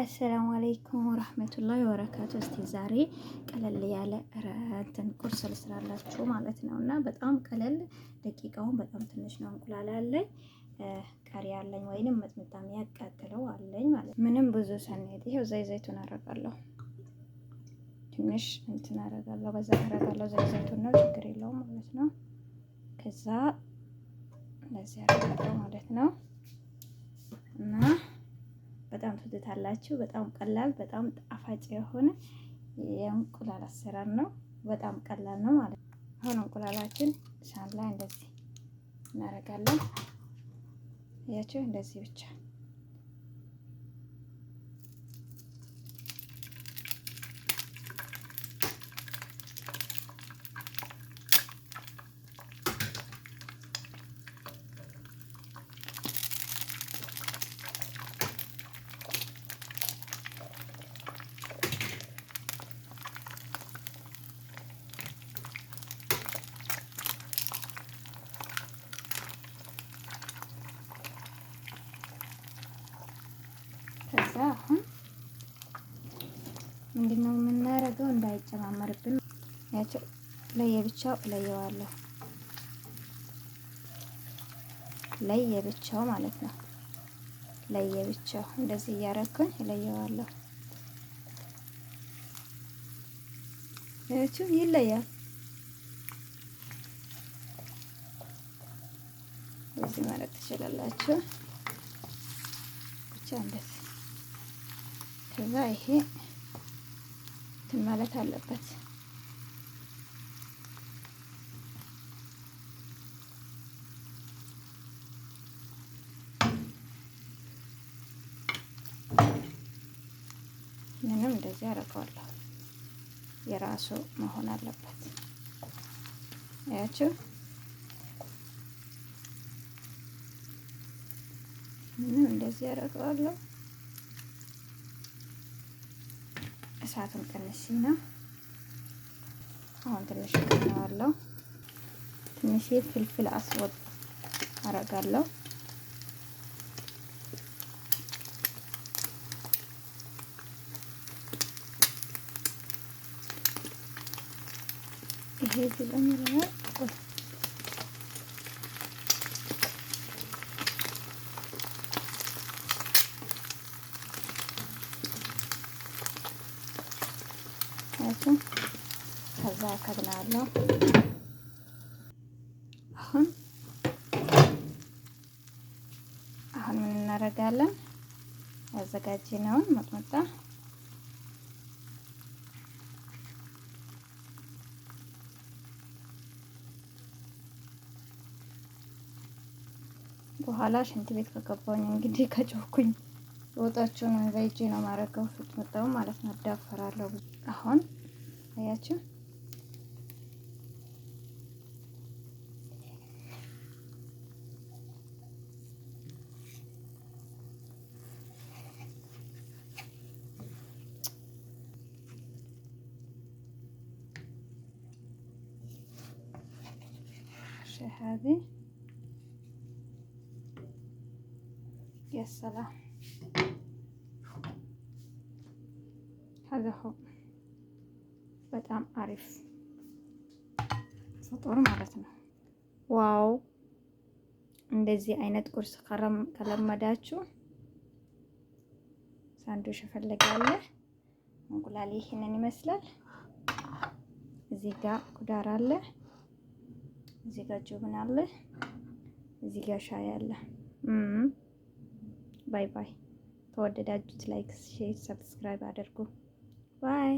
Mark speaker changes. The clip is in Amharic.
Speaker 1: አሰላሙ አለይኩም ወራህመቱላሂ ወበረካቱ። እስቲ ዛሬ ቀለል ያለ እንትን ቁርስ ልስራላችሁ ማለት ነው እና በጣም ቀለል ደቂቃውን በጣም ትንሽ ነው። እንቁላል አለኝ ቀሪ አለኝ ወይንም መጥምጣ የሚያቃጥለው አለኝ ማለት ምንም ብዙ ሳንሄድ ይሄው ዘይ ዘይቱን አረጋለሁ። ትንሽ እንትን አረጋለሁ፣ በዛ አረጋለሁ። ዘይ ዘይቱን ነው ችግር የለውም ማለት ነው። ከዛ እንደዚህ አረጋለሁ ማለት ነው እና በጣም ትወዱታላችሁ። በጣም ቀላል፣ በጣም ጣፋጭ የሆነ የእንቁላል አሰራር ነው። በጣም ቀላል ነው ማለት ነው። አሁን እንቁላላችን ላይ እንደዚህ እናደርጋለን። ያቸው እንደዚህ ብቻ ከዛ አሁን ምንድነው የምናደርገው እንዳይጨማመርብን ያቸው ለየብቻው እለየዋለሁ ለየብቻው ማለት ነው። ለየብቻው እንደዚህ እያረኩኝ እለየዋለሁ። ያችሁ ይለያል። እዚህ ማለት ትችላላችሁ ብቻ እንደዚህ ከዛ ይሄ እንትን ማለት አለበት። ምንም እንደዚህ አደርገዋለሁ። የራሱ መሆን አለበት። አያችሁ ምንም እንደዚህ አደርገዋለሁ። እሳቱን ቀንሽና አሁን ትንሽ ቀነዋለሁ። ትንሽ ፍልፍል አስወጥ አረጋለሁ። ይሄ ዝም ይላል። አድርጌ ከዛ ከብናለሁ። አሁን አሁን ምን እናደርጋለን? ያዘጋጀነውን መጥመጣ በኋላ ሽንት ቤት ከገባኝ እንግዲህ ከጮኩኝ ወጣችሁን ወይዛ ይዤ ነው ማረገው ፍጥምጣው ማለት ነው። አዳፈራለሁ አሁን አያችሁ። هذه يا سلام هذا هو በጣም አሪፍ ፍጡር ማለት ነው። ዋው እንደዚህ አይነት ቁርስ ከለመዳችሁ ሳንዱሽ እፈልጋለሁ። እንቁላል ይህንን ይመስላል። እዚህ ጋር ኩዳር አለ፣ እዚህ ጋር ጁብን አለ፣ እዚህ ጋር ሻይ አለ። ባይ ባይ። ተወደዳችሁት ላይክ፣ ሼር፣ ሰብስክራይብ አድርጉ። ባይ